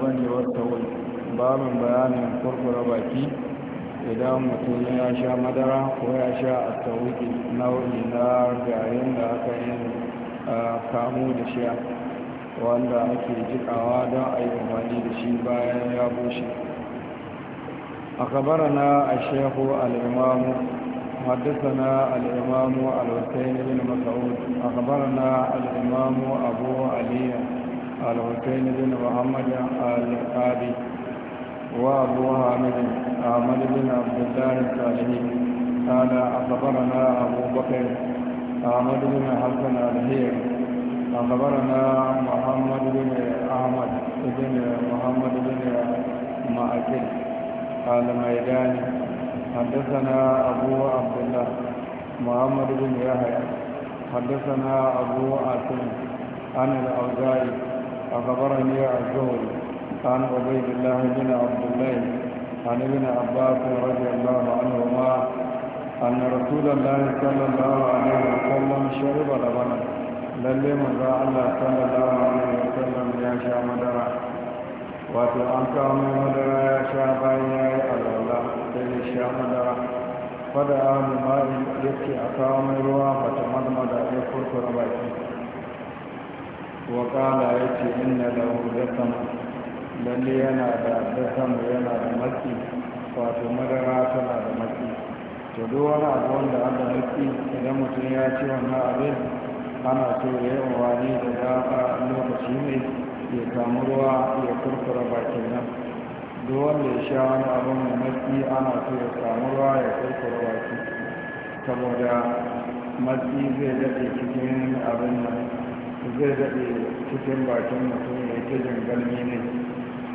alfani wata babin bayanin kurkura baki idan mutum ya sha madara ko ya sha a tawiki nau'i na garin da aka yi kamu da sha wanda ake jikawa don a yi amfani da shi bayan ya bushe a na a shehu al'imamu حدثنا الإمام الحسين بن مسعود أخبرنا الإمام أبو علي الحسين بن محمد القاضي وابو حامد احمد بن عبد الله الصالحي قال اخبرنا ابو بكر احمد بن حسن الهير اخبرنا محمد بن احمد بن محمد بن ماكل قال ميداني حدثنا ابو عبد الله محمد بن يحيى حدثنا ابو عاصم عن الاوزاعي أخبرني الزهري عن عبيد الله بن عبد الله عن ابن عباس رضي الله عنهما أن رسول الله صلى الله عليه وسلم شرب لبنا للي من الله صلى الله عليه وسلم يا شاء مدرا wato an kawo mai madara ya sha bayan ya yi alwala sai ya sha madara fada ahu ma'in yake a kawo mai ruwa mata madmada ya kurkura baki wakala ya ce inna da hudasan lalle yana da dasan yana da matsi wato madara tana da matsi to duk wani abu wanda aka matsi idan mutum ya ci wannan abin ana so ya yi wani da da'a lokaci ne ya samu ya ya sha wani ana so ya samu saboda matsi zai daɗe cikin abin nan zai daɗe cikin bakin mutum ya ke dangane ne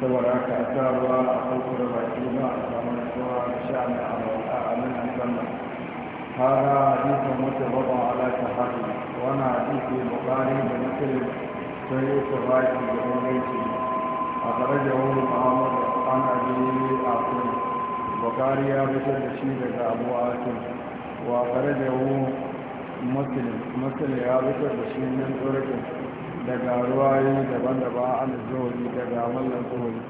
saboda aka sa ruwa a kawkar baki ba a samun suwa a sha mai amurka a nan an zama fara hadisa mutu baban alaƙa hadu wani hadisi bukari da mutum sun yi su baki da mulki a garaje wani muhammadu an ajiye a kuma bukari ya fitar da shi daga abuwa ake wa garaje wani matsala ya rufe da shi nan turkin daga ruwaye daban-daban an zuhuri daga wannan zuhuri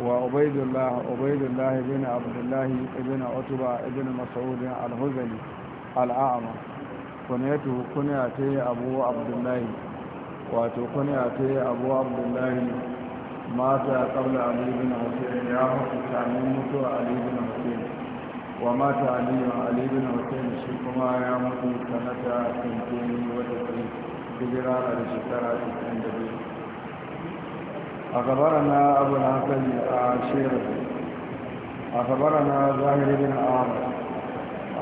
wa ubaidullah ubaidullah bin Abdullahi ibn utba ibn Mas'udin al-huzali al-a'ma kunyatu kunyatu abu abdullahi wato kunyatu abu Abdullahi? mata qabla ali ibn hussein ya hukunta min mutuwa ali ibn husayn ومات علي علي بن حسين شكما يا مدي سنة سنتين وتسعين هجرة لشكرة تسعين دبي أخبرنا أبو الحسن عاشر أخبرنا زاهر بن عام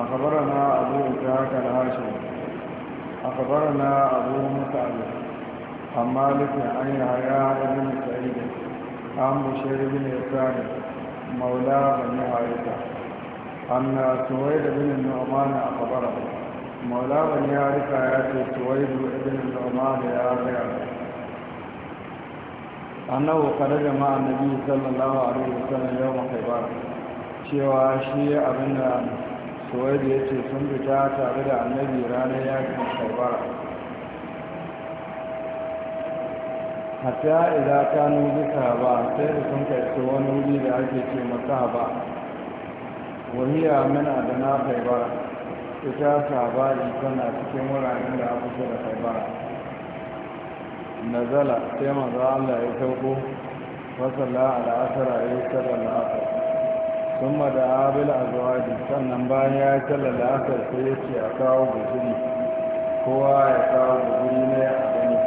أخبرنا أبو إسحاق الهاشمي أخبرنا أبو مصعب عن مالك عن يحيى بن سعيد عن بشير بن يسار مولى بن عائشة أن سويد بن النعمان أخبره مولى بن يارك ياتي سويد بن النعمان يا أنه خرج مع النبي صلى الله عليه وسلم يوم خيبر cewa shi abin da suwaidu ya ce sun fita tare da annabi ranar yakin sharbara hatta idan kanu bisa ba sai da sun wani wuri da ake ce masa ba wahiya mana da na haibara ita sabari tana cikin wuraren da aka kusa da haibara nazala sai maza allah ya sauko fasalla a la'asara ya yi sallar la'asar sun da abila a zuwaji sannan bayan ya yi sallar la'asar sai ya ce a kawo guzuri kowa ya kawo guzuri ne a gani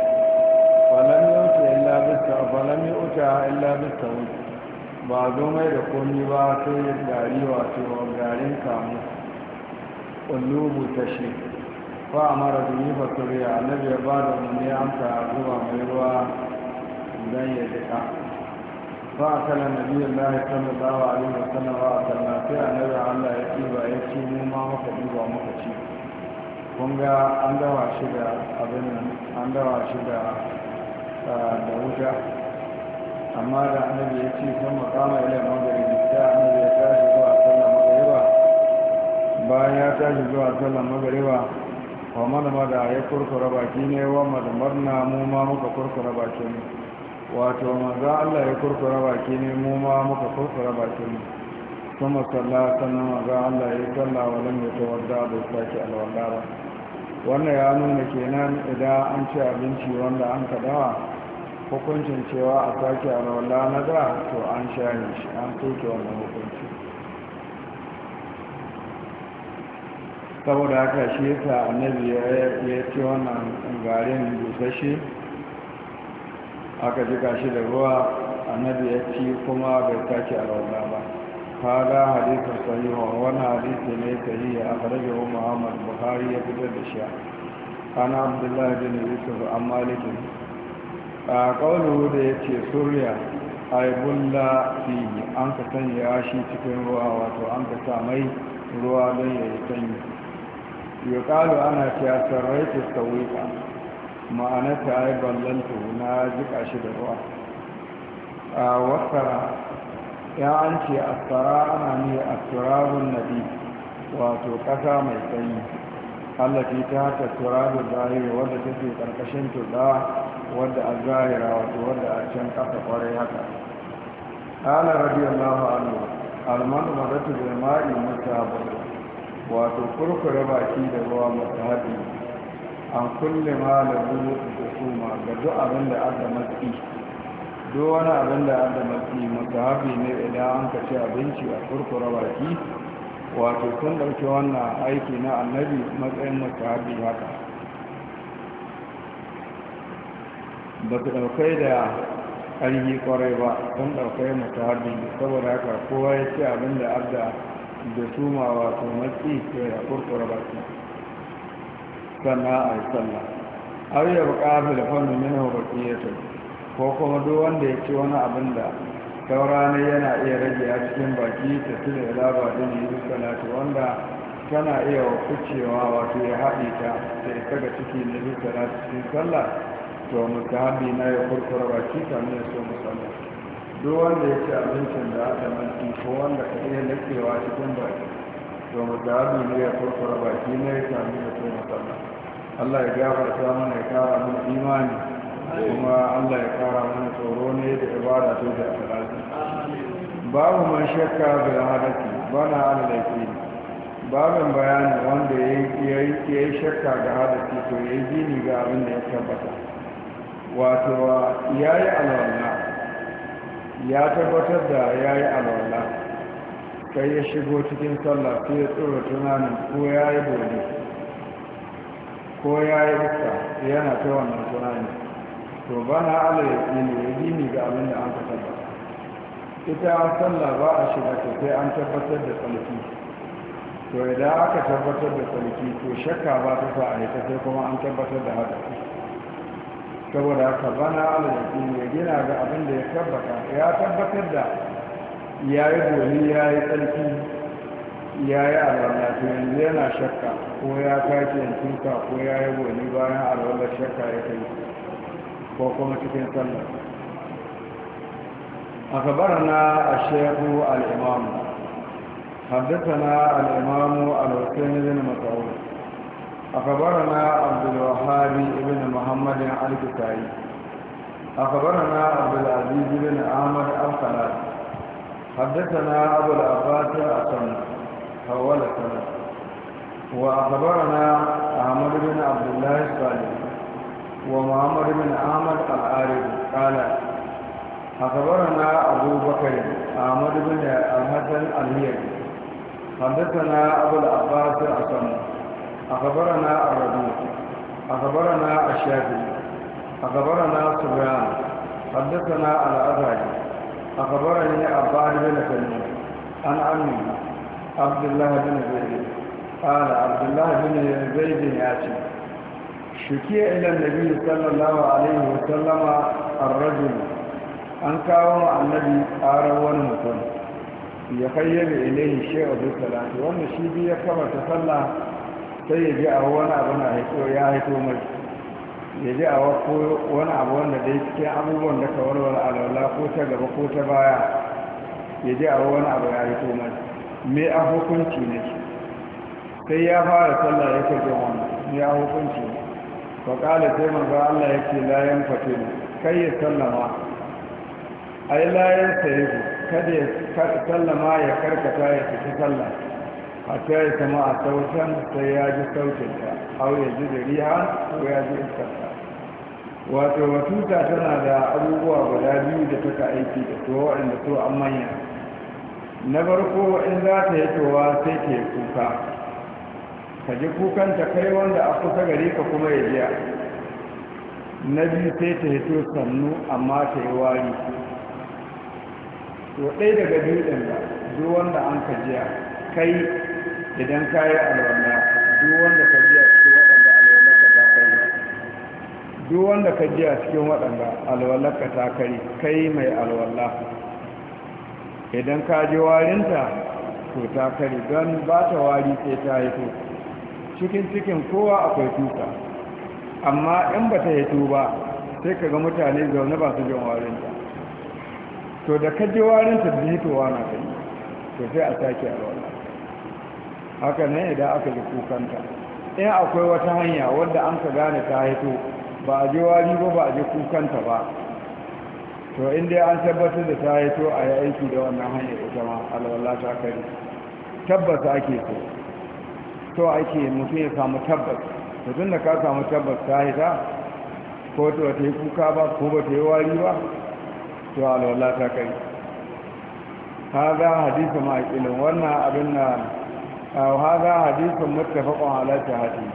falami uta illa bista ba zo mai da komi ba sai gari wato garin kamu ƙullubu ta shi Ba a mara ba fasuriya na ya ba da umarni zuwa mai ruwa don ya jika Ba a kala nabi allahi sallallahu alaihi wa sallam wa a sannan sai a nazar allah ya ba ya ci mu ma muka duba muka ci kun ga an dawa shi da abin an dawa shi da ah, wuta amma da annabi ya ce sun makama ila magaribi da annabi ya tashi zuwa sallar magariba bayan ya tashi zuwa sallar magariba wa malama da ya kurkura baki ne wa malamar na mu ma muka kurkura baki ne wato maza Allah ya kurkura baki ne mu ma muka kurkura baki ne kuma salla sannan maza Allah ya salla wa lam ya tawadda bai sake alwala ba wannan ya nuna kenan idan an ci abinci wanda an kadawa hukuncin cewa a sake alwala na da to an share shi an soke wannan hukunci saboda haka shi yasa annabi ya ce wannan garin shi, aka jika shi da ruwa annabi ya ci kuma bai sake alwala ba kada hadisin sahiha wani hadisi ne sahiha aka rage muhammad buhari ya fitar da shi ana abdullahi bin yusuf amma a ƙaunuhu da ya ce suriya a ibulla fiye an ka sanya shi cikin ruwa wato an ka sa mai ruwa don ya yi sanyi yi ƙalu ana ce sarrai ta sauwika ma'anata a yi ballon ballanta na jika shi da ruwa a wasara ya an ce tsara ana ne a turabun nabi wato ƙasa mai sanyi allafi ta ta turabun zahiri wadda take ƙarƙashin turɗa wadda a zahira wato wadda a can kasa kwarai haka ala radiyallahu anhu alman madatu da ma'i mutabun wato kurkure baki da ruwa mutabi an kulle ma da husuma ga duk abin da aka matsi duk wani abin da aka matsi mutabi ne idan an ka ci abinci a kurkure baki wato kun dauki wannan aiki na annabi matsayin mutabi haka ba su ɗaukai da ƙarfi ƙwarai ba sun ɗaukai mutawaddi saboda haka kowa ya ce abin da abda da suma wato matsi ke da kurkura su sana a yi sallah har yi buƙatar da fannin wa baƙi ya ko kuma duk wanda ya ci wani abin da saura ne yana iya rage a cikin baki ta tuna ilaba da ne yi salatu wanda tana iya kucewa wato ya haɗe ta ta isa ga ciki ne bisa cikin sallah to mutahabi na ya kurkura baki ta ne so musalla duk wanda ya ci abincin da aka manci ko wanda ka iya nakewa cikin baki to mutahabi ne ya kurkura baki na ya kamin so Allah ya gafarta mana ya kara mana imani kuma Allah ya kara mana tsoro ne da ibada to da akhlaqi babu man shakka da hadati bana ala laifin babin bayani wanda ya yi shakka ga hadasi to ya yi gini ga abin da ya tabbata wato ya yi alwala ya tabbatar da ya yi alwala kai ya shigo cikin sallah sai ya tsoro tunanin ko ya yi boli ko ya yi iska yana ta wannan tunanin? to ba na ala ya yi ya ga abin da an ka tabbata ita an sallah ba a shiga ta sai an tabbatar da tsarki to idan aka tabbatar da tsarki to shakka ba ta sa a yi ta sai kuma an tabbatar da haka saboda haka bana ala ya gina ga abin da ya tabbata ya tabbatar da ya yi goli ya yi tsarki ya yi alwala to yana shakka ko ya kace tuka ko ya yi goli bayan alwala shakka ya kai ko kuma cikin sallah أخبرنا الشيخ الإمام حدثنا الإمام الحسين بن مسعود أخبرنا عبد الوهاب بن محمد الكسائي أخبرنا عبد العزيز بن أحمد الخلال حدثنا أبو العباس الأسن حول السند وأخبرنا أحمد بن عبد الله الصالح ومحمد بن أحمد العارف قال أخبرنا أبو بكر أحمد بن الحسن الهيئي حدثنا أبو العباس الأسن أخبرنا الربيع أخبرنا الشافعي أخبرنا سبيان حدثنا على الأزهري أخبرني عباد بن تيمية أن أمي عبد الله بن زيد قال عبد الله بن زيد ياتي شكي إلى النبي صلى الله عليه وسلم الرجل أن kawo النبي أروان ƙarar wani إليه ya kayyar ilai shi a salatu wanda sai ya ji a wani abu na haito ya haito mai ya ji a wani abu wanda dai cikin abubuwan da kawarwar wani ko ta gaba ko ta baya ya ji a wani abu ya haito mai me a hukunci ne sai ya fara sallah ya kaje wani mai a hukunci ne kala sai manzo Allah ya ce layan fate ne kai ya sallama ai layan sayi kada ya sallama ya karkata ya fita sallah hatta ya sama a sautan sai ya ji sautinta hau ya ji da ko ya ji iskarta wato matuta tana da abubuwa guda biyu da taka aiki da to waɗanda to an manya na farko in za ta yi towa sai ke kuka ka ji kukanta kai wanda a kusa gare ka kuma ya biya na biyu sai ta yi to sannu amma ta yi wari to ɗaya daga biyu ɗin ba duk wanda an ka jiya kai idan ka yi alwala duk wanda ka ji a cikin waɗanda alwalarka ta kai duk wanda ka ji a cikin waɗanda alwalarka ta kai kai mai alwala idan ka ji warinta to ta kai don ba ta wari sai ta haifo cikin cikin kowa akwai tuka amma in ba ta haifo ba sai ka ga mutane zaune ba su jin warinta to da ka ji warinta da hitowa na kai to sai a sake alwala haka ne idan aka ji kukanta in akwai wata hanya wadda an ka gane ta haito ba a ji wari ba ba a ji kukanta ba to inda an tabbatar da ta haito a yi aiki da wannan hanyar ita ma alwala ta kari tabbata ake so to ake mutum ya samu tabbas tun da ka samu tabbas ta haita ko to ta yi kuka ba ko ba ta yi wari ba to alwala ta kari هذا حديث ما يقولون وانا أبنى haza hadisun mutafakon halatta haɗi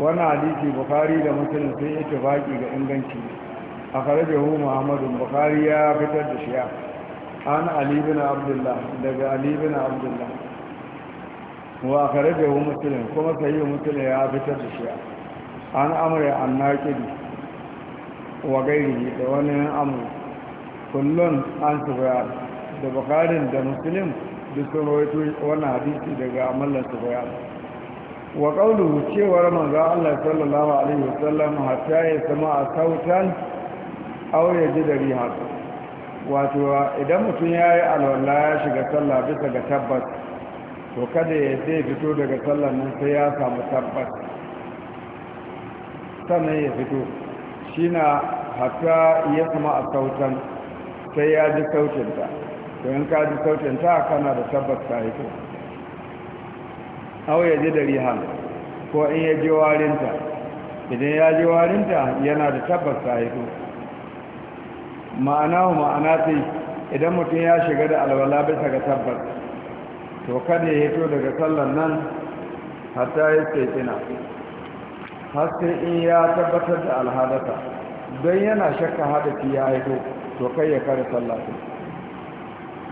wani hadisi bukari da musulun sun yi tufaki ga inganci a karajahu muhammadu bukari ya fitar da shiya an alibin abdullah daga alibin abdullah wa karajahu musulun kuma sayi musulun ya fitar da shiya an amurya an naƙidi wa gairi da wani kullum da da dukkan rawaito wannan hadisi daga amallan su bayan wa qawluhu cewar manzo Allah sallallahu alaihi wasallam hatta ya sama a sautan aw ya ji da riha wato idan mutum yayi alwala ya shiga sallah bisa ga tabbas to kada ya sai fito daga sallar nan sai ya samu tabbas sannan ya fito shi na hatta ya sama a sautan sai ya ji sautin ta. to in ka ji sautin ta kana da tabbas ta haito au ya ji da ha ko in ya ji warinta idan ya ji warinta yana da tabbas ta haito ma'ana ma'ana sai idan mutum ya shiga da alwala bisa ga tabbas to kada ya hito daga sallan nan hatta ya tsina har sai in ya tabbatar da alhadata don yana shakka hadafi ya haito to kai ya kare sallah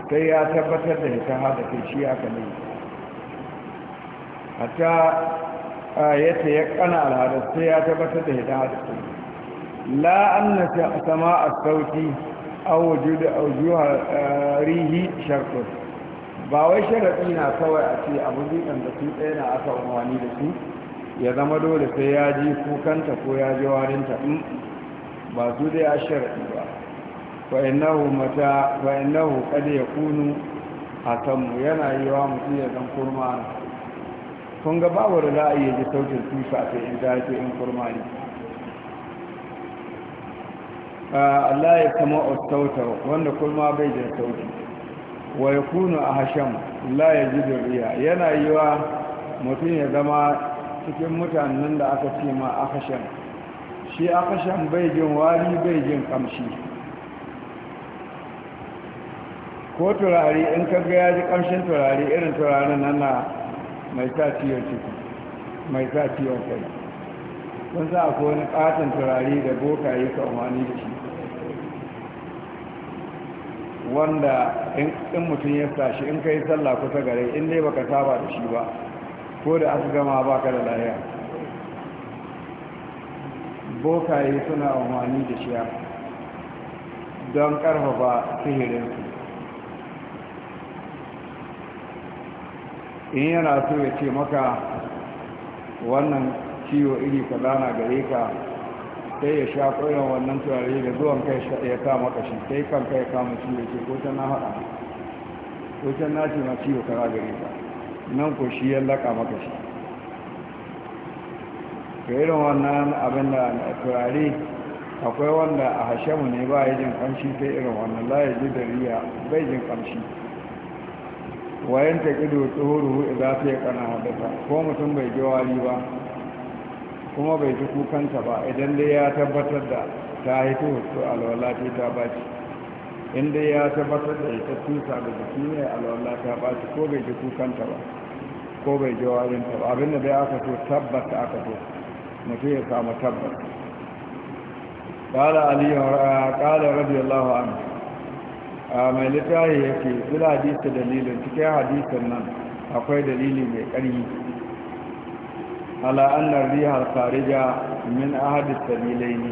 sai ya tabbatar da ita haɗa shi aka ne hatta ya ce ya kana al'adar sai ya tabbatar da ita haɗa kai la'anna sama a sauti a wujuhar rihi sharkun ba wai sharaɗi na kawai a ce abu zikan da su ɗaya na aka umarni da su ya zama dole sai ya ji kukanta ko ya ji warinta mm, ba su da a sharaɗi fa'inahu mata kada ya kunu a kanmu yana yi wa mutum ya zan kurma na. kun ga babu da za a iya ji sautin tusa a in ta ce in kurma ne Allah ya kama ostauta wanda kurma bai jin sauki. wa ya kunu a hasham la ya ji riya yana yi wa mutum ya zama cikin mutanen da aka ce ma a hasham shi a hasham bai jin wari bai jin kamshi ko turare in ka ga ya ji kamshin turare irin turaren nan na mai sa ciwon ciki mai sa ciwon kai kun sa ko wani katon turare da boka yi ka umarni da shi wanda in mutum ya tashi in ka yi sallah kusa gare in dai baka saba da shi ba ko da aka gama baka da lahiya bokaye suna umarni da shi don karfafa sihirinsu in yana so ya ce maka wannan ciwo iri kaza gare ka sai ya sha koyon wannan turare da zuwan kai ya kama kashi sai kan kai kama ciwo ce ko can na haɗa ko can na ce ma ciwo kaza gare ka nan ko shi ya laƙa maka shi ga irin wannan abin da turare akwai wanda a mu ne ba ya jin kamshi sai irin wannan la ya ji da riya bai jin kamshi wayan ta kido tsohuruhu idan ta yi kana haddasa ko mutum bai ji wari ba kuma bai ji kukanta ba idan dai ya tabbatar da ta haifi su alwala ta ta baci in dai ya tabbatar da ita tusa da jiki ne alwala ta baci ko bai ji kukanta ba ko bai ji ta ba abinda dai aka so tabbata aka so mutum ya samu tabbata قال علي قال رضي الله عنه a mai littafi yake bila hadisi dalilin cikin hadisin nan akwai dalili mai ƙarfi ala riha rihar farija min ahadis dalilai ne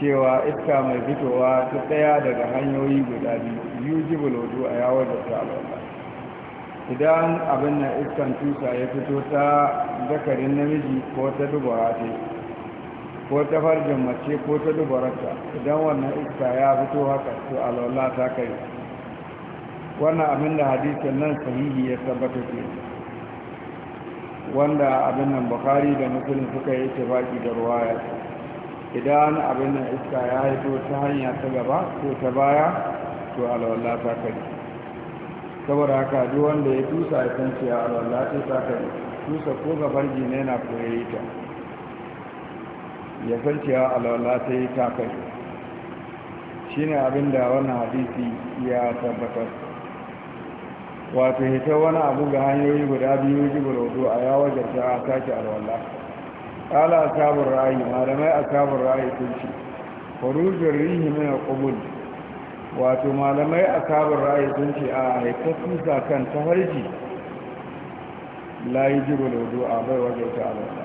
cewa iska mai fitowa ta ɗaya daga hanyoyi guda biyu ji wudu a yawon da ta idan abin na iskan tusa ya fito ta zakarin namiji ko ta dubawa ce ko ta farjin mace ko ta dubararta idan wannan iska ya fito haka to alwala ta kai wannan abin da hadisin nan sahihi ya tabbata ke wanda abin nan bukari da musulun suka yi ta baki da ruwa ya idan abin nan iska ya haito ta hanya ta gaba ko ta baya to alwala ta kai saboda haka duk wanda ya tusa ya san cewa alwala ta kai tusa ko ga farji ne na koyayi ta ya san cewa alwala ta yi takai shi ne abin da wannan hadisi ya tabbatar wato hita wani abu ga hanyoyi guda biyu jibin rodo a yawon jarta a sake alwala ƙala a sabon ra'ayi malamai a sabon ra'ayi sun ce farujin rihi mina ƙubul wato malamai a sabon ra'ayi sun ce a haita tusa kan ta harji layi jibin rodo a bai wajen ta alwala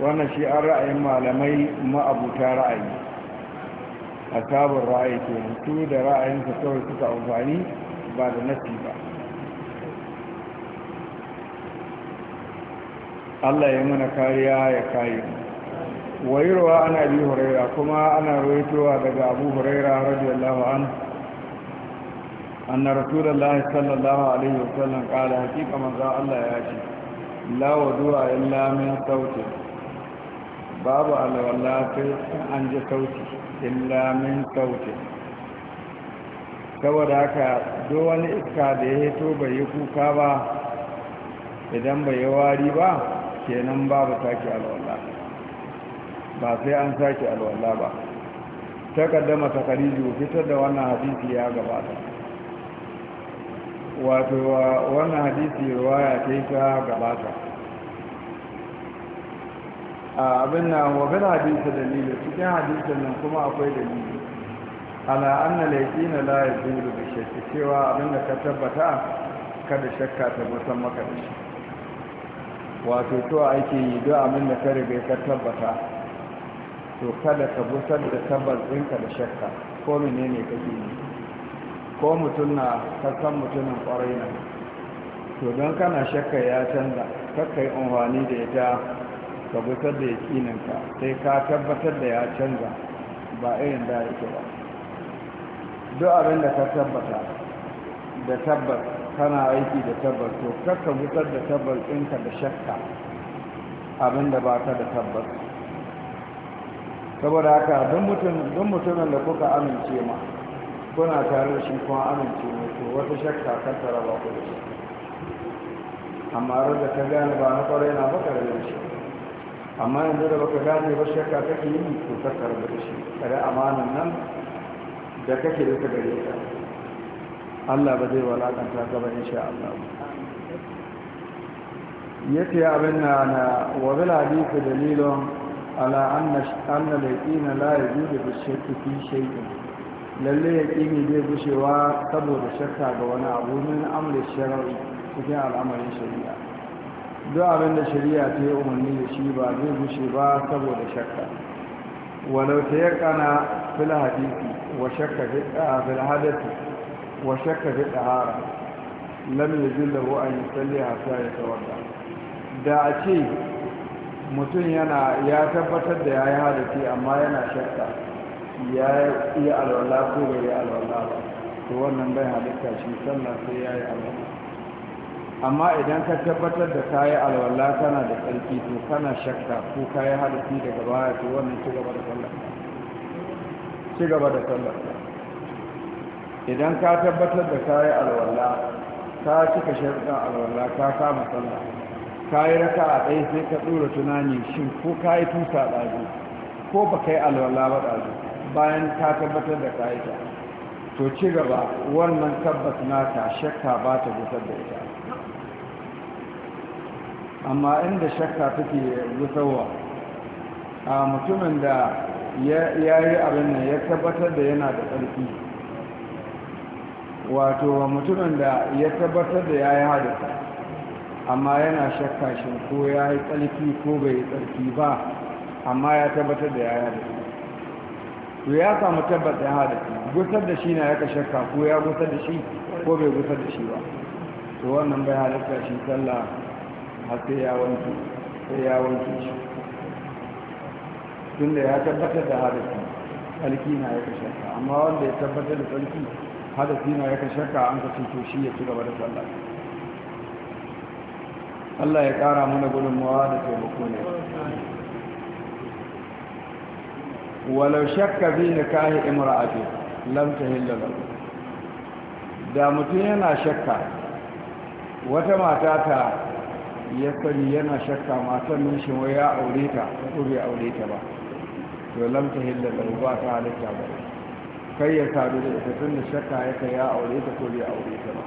wannan shi an ra'ayin malamai ma'abuta ra'ayi a sabon ra'ayi ke su da ra'ayinsa kawai suka amfani ba da nasi ba Allah ya mana kariya ya kare wayarwa ana bi huraira kuma ana rawaitowa daga abu huraira radiyallahu anhu أن رسول الله صلى الله عليه وسلم قال حقيقة من ذا الله يأتي لا ودوء إلا babu alwala sai an ji sauti illa min sauti saboda haka do wani iska da ya hito bai yi kuka ba idan bai yi wari ba kenan babu sake alwala ba sai an sake alwala ba takaddama takariju fitar da wannan hadisi ya gabata wato wannan hadisi ruwaya ta gabata abin na wabin hadisa dalilin cikin hadinsa nan kuma akwai dalili ala anna laifi na ya zuru da shakki cewa abin da ka tabbata kada shakka ta musan maka da shi wato to ake yi don abin da ka riga ka tabbata to kada ka busar da tabbas ɗinka da shakka ko menene ka yi ko mutum na kasan mutumin ƙwarai nan to don kana shakka ya canza kakka yi unwani da ita ka da yaƙininka sai ka tabbatar da ya canza ba irin da yake ba duk abin da ka tabbata da tabbas kana aiki da tabbas to kakka butar da tabbas ɗinka da shakka abin da ba ka da tabbas saboda haka don mutumin da kuka amince ma kuna tare da shi kuma amince ne to wata shakka kan tara ba ku da shi amma rarraka ta gane ba na kwarai na baka da shi amma yanzu da baka gane ba shakka kake yi to sakar da shi kada amanan nan da kake da gare ka Allah ba zai walakanta ka ba insha Allah yace abin na na wa bil hadith dalilun ala anna anna al-yaqin la yajudu bi shakki fi shay'in lalle yaqini bai gushewa saboda shakka ga wani abu min amri shar'i cikin al'amarin shari'a duk abin da shari'a ta yi umarni da shi ba zai gushe ba saboda shakka walau ta yi kana filhadisi wa shakka fil hadathi wa shakka fil tahara lam yajid lahu a yusalli hatta yatawadda da a ce mutum yana ya tabbatar da ya yi hadasi amma yana shakka ya yi alwala ko bai yi alwala to wannan bai halitta shi sannan sai ya yi alwala amma idan ka tabbatar da kayi alwala kana da tsarki to kana shakka ko kayi hadisi daga baya to wannan ci gaba da sallah ci gaba da sallah idan ka tabbatar da kayi alwala ka cika shirkan alwala ka kama sallah kayi raka a ɗaya sai ka ɗora tunani shin ko kayi tusa ɗazu ko ba kai alwala ba ɗazu bayan ka tabbatar da kayi ta to ci gaba wannan tabbas ta shakka ba ta gusar da ita amma inda shakka take gusarwa a mutumin da ya yi abin nan ya tabbatar da yana da tsarki wato mutumin da ya tabbatar da ya yi hadisa amma yana shakka shi ko ya yi tsarki ko bai yi tsarki ba amma ya tabbatar da ya yi hadisa to ya samu da ya hadisa gusar da shi na yaka shakka ko ya gusar da shi ko bai gusar da shi ba to wannan bai halitta shi sallah har sai ya wanke sai ya wanke shi tunda ya tabbatar da hadasi tsarki na ya kashe ka amma wanda ya tabbatar da tsarki hadasi na ya kashe ka an kasance to shi ya ci gaba da sallah Allah ya kara mana gudunmawa da taimako ne walau shakka bi nikahi a lam tahilla lahu da mutum yana shakka wata mata ta ya sani yana shakka matan mun shi wai ya aure ta ko bai aure ta ba to lam ta hilla da ba ta halitta ba kai ya sadu da ita tun da shakka ya kai ya aure ta ko bai aure ta ba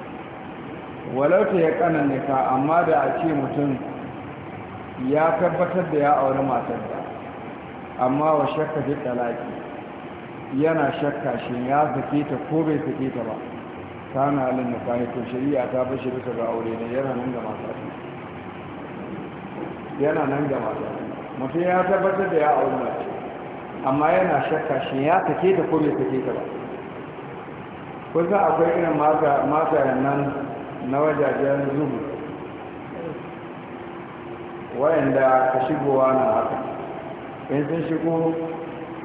walau ta ya kananne ka amma da a ce mutum ya tabbatar da ya aure matar da amma wa shakka fi talaki yana shakka shi ya zake ta ko bai zake ta ba ta na halin da kayi to shari'a ta bashi bisa ga aure ne yana nan da matar yana nan mata, mutum ya tabbatar da ya auri mace amma yana shakka shi ya take ta ko take ta ba kusan akwai irin mata nan na wajajen zubu wayanda ka shigowa na haka in sun shigo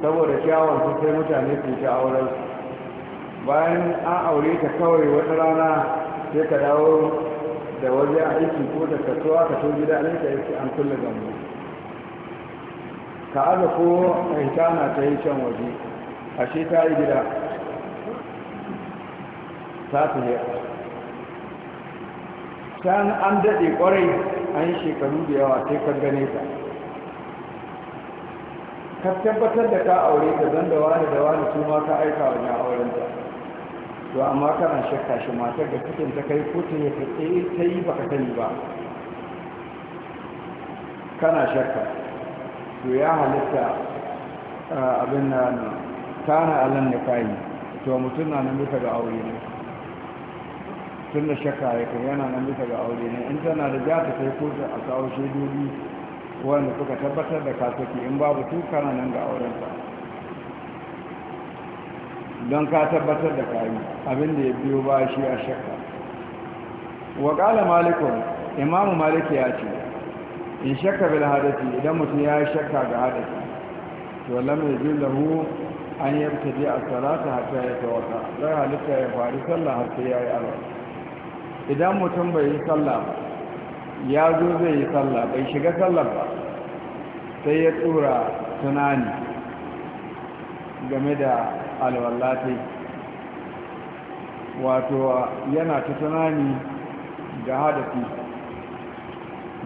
saboda kyawun su sai mutane su ta auren bayan an aure ta kawai wata rana sai ka dawo da wajen aiki ko da kasuwa ka to gida ne ka yake an kulle gambo ka aza ko hita na ta yi can waje ashe ta yi gida ta tafiya can an daɗe kwarai an yi shekaru da yawa sai ka gane ta ka tabbatar da ka aure ta zan da wani da wani su ma ka aika wajen aurenta to amma kana shakka shi matar da kake ta kai ko ta yi ta yi baka sani ba kana shakka to ya halitta abin na na alan da kayi to mutum na nan bisa ga aure ne tun da shakka ya kai yana nan bisa ga aure ne in tana da ja ta kai kotu a kawo shaidobi wanda suka tabbatar da kasaki in babu tu kana nan ga aurenta. don ka tabbatar da kayi abinda ya biyo ba shi a shakka wa kala malikun imamu maliki ya ce in shakka bil hadasi idan mutum ya yi shakka ga hadasi to ya jin lahu an yi yabtaji a salata hatta ya wata, zai halitta ya faru sallah har sai ya yi alwa idan mutum bai yi sallah ya zo zai yi sallah bai shiga sallah ba sai ya tsura tunani game da alwallati wato yana ta tunani ga hadafi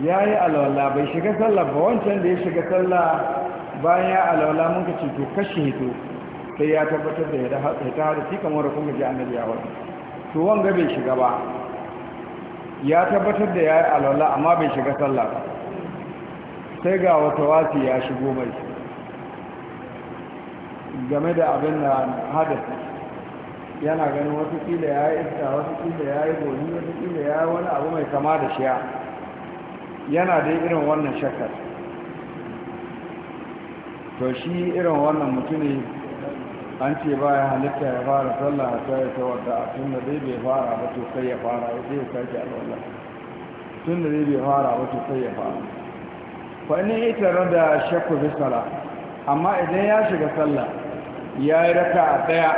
ya yi alwalla bai shiga sallah ba wancan da ya shiga sallah bayan ya alwala mun kace to kashe hito sai ya tabbatar da ya ta hadafi kamar da kuma ji annabi ya wani to wanga bai shiga ba ya tabbatar da ya yi alwalla amma bai shiga sallah sai ga wata wasi ya shigo mai game da abin da hadasi yana ganin wasu kila ya yi iska wasu kila ya yi goni wasu kila ya yi wani abu mai kama da shiya yana dai irin wannan shakkar to shi irin wannan mutune an ce ba ya halitta ya fara sallah a sai ta wadda a tun da zai bai fara ba to sai ya fara ya zai sake alwallah tun da zai bai fara ba to sai ya fara fa ita da shakku bi amma idan ya shiga sallah ya yi raka a ɗaya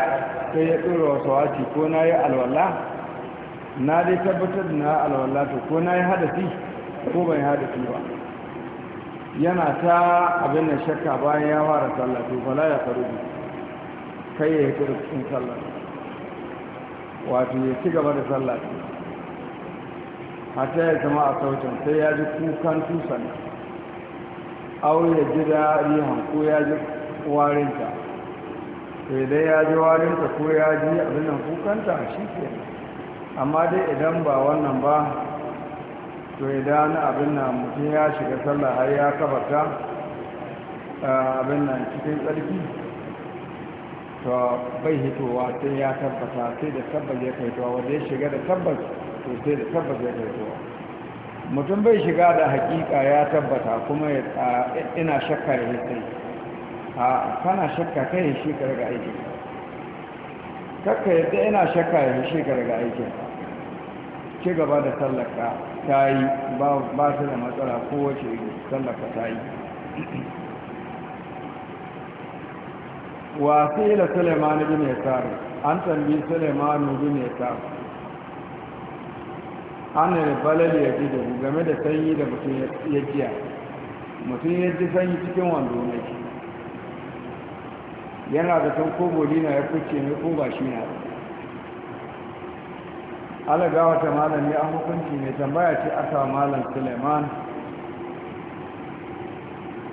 sai ya tsoro wasu wati ko na yi alwala na dai tabbatar da na alwala to ko na yi hadasi ko bai hadasi ba yana ta abin da shakka bayan ya fara sallah to fala ya faru kai ya hito da cikin sallah wato ya ci gaba da sallah Hata ya zama a sautin sai ya ji kukan tusan aure gida ji rihan ko ya ji warinta idan eh, ya ji warinta ko ya ji abin nan kukanta shi ke amma dai idan ba wannan ba to idan abin nan mutum ya shiga sallah har ya kabarta abin nan cikin tsarki to bai hitowa sai ya tabbata sai da tabbas ya kaitowa wanda ya shiga da tabbas to sai da tabbas ya kaitowa mutum bai shiga da hakika ya tabbata kuma ina shakka ya sai a kana shakka kai ya shi daga aikin kakka yadda yana shakka ya shi daga aikin ci gaba da tallaka ta yi ba su da matsala kowace tallaka ta yi wasu ila suleiman bin tsari an tambi suleiman bin tsari an ribalar ya ji da game da sanyi da mutum ya jiya mutum ya ji sanyi cikin wando ke. yana da tan ko dina ya kuce ne ko ba shi na alagawa ta malam ya hukunci mai tambaya ce a aka malam suleiman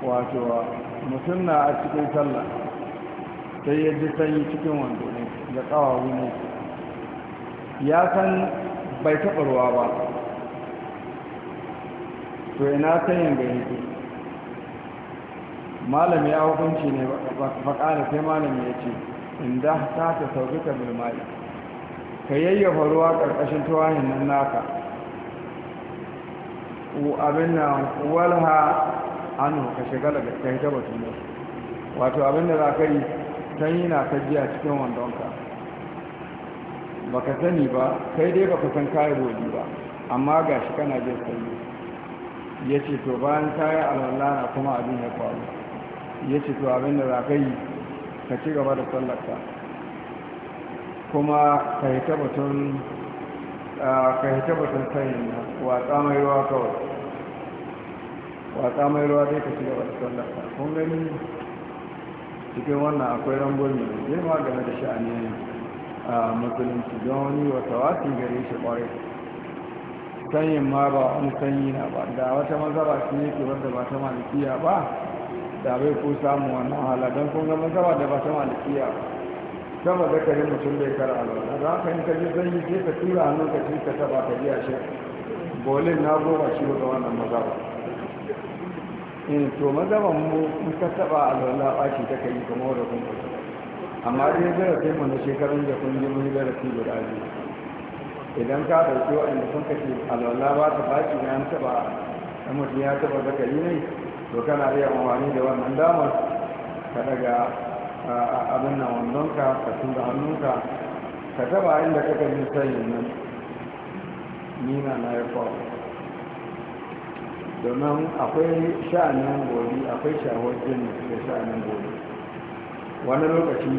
wato mutum na a cikin sallah sai ya ji sanyi cikin wando ne da tsawawu ne ya san bai taɓa ba to ina sanyin gani malami ya hukunci ne faƙara sai malam ya ce inda ta ta sauƙi ka bilmai ka yayyafa ruwa ƙarƙashin tuwahin nan naka abin na walha anu ka shiga daga ta hita batun ne wato abin da za ka yi san yi na jiya cikin wandonka ba ka sani ba kai dai ba ka san kayi ba amma ga shi kana jin sanyi ya ce to bayan kayi alwallah kuma abin ya faru ya ce to abin da za ka yi ka ci gaba da sallarka kuma ka hita batun batun sanyin na watsa mai ruwa kawai watsa mai ruwa dai ka ci gaba da sallarka kun gani cikin wannan akwai rangwami da girma game da sha'ani a musulunci don wani wata wasi gare shi kwarai sanyin ma ba wani sanyi na ba da wata ba shi yake wadda ba ta malikiya ba sabai ku samu wannan wahala don kun ga mazaba da ba ta malikiya sama da kare mutum bai kara alwala za ka yi ka ji sanyi sai ka tura hannun ka ka taba ka ji shi bolin na goma shi ga wannan mazaba in eh, to mazaban mu in ka taba alwala ɓaci ta kai kamar da kun kusa amma dai zarafi mu na shekarun da kun yi mun zarafi guda biyu idan ka ɗauki waɗanda sun kashe alwala ba ta ɓaci na an taɓa mutum ya taɓa zakari ne to kana iya amfani da wannan damar ka daga abin nan wandonka ka tura hannunka ka taba inda kaka ji sanyin nan nina na ya faru domin akwai sha'anin gobe akwai shawar jini da sha'anin gobe wani lokaci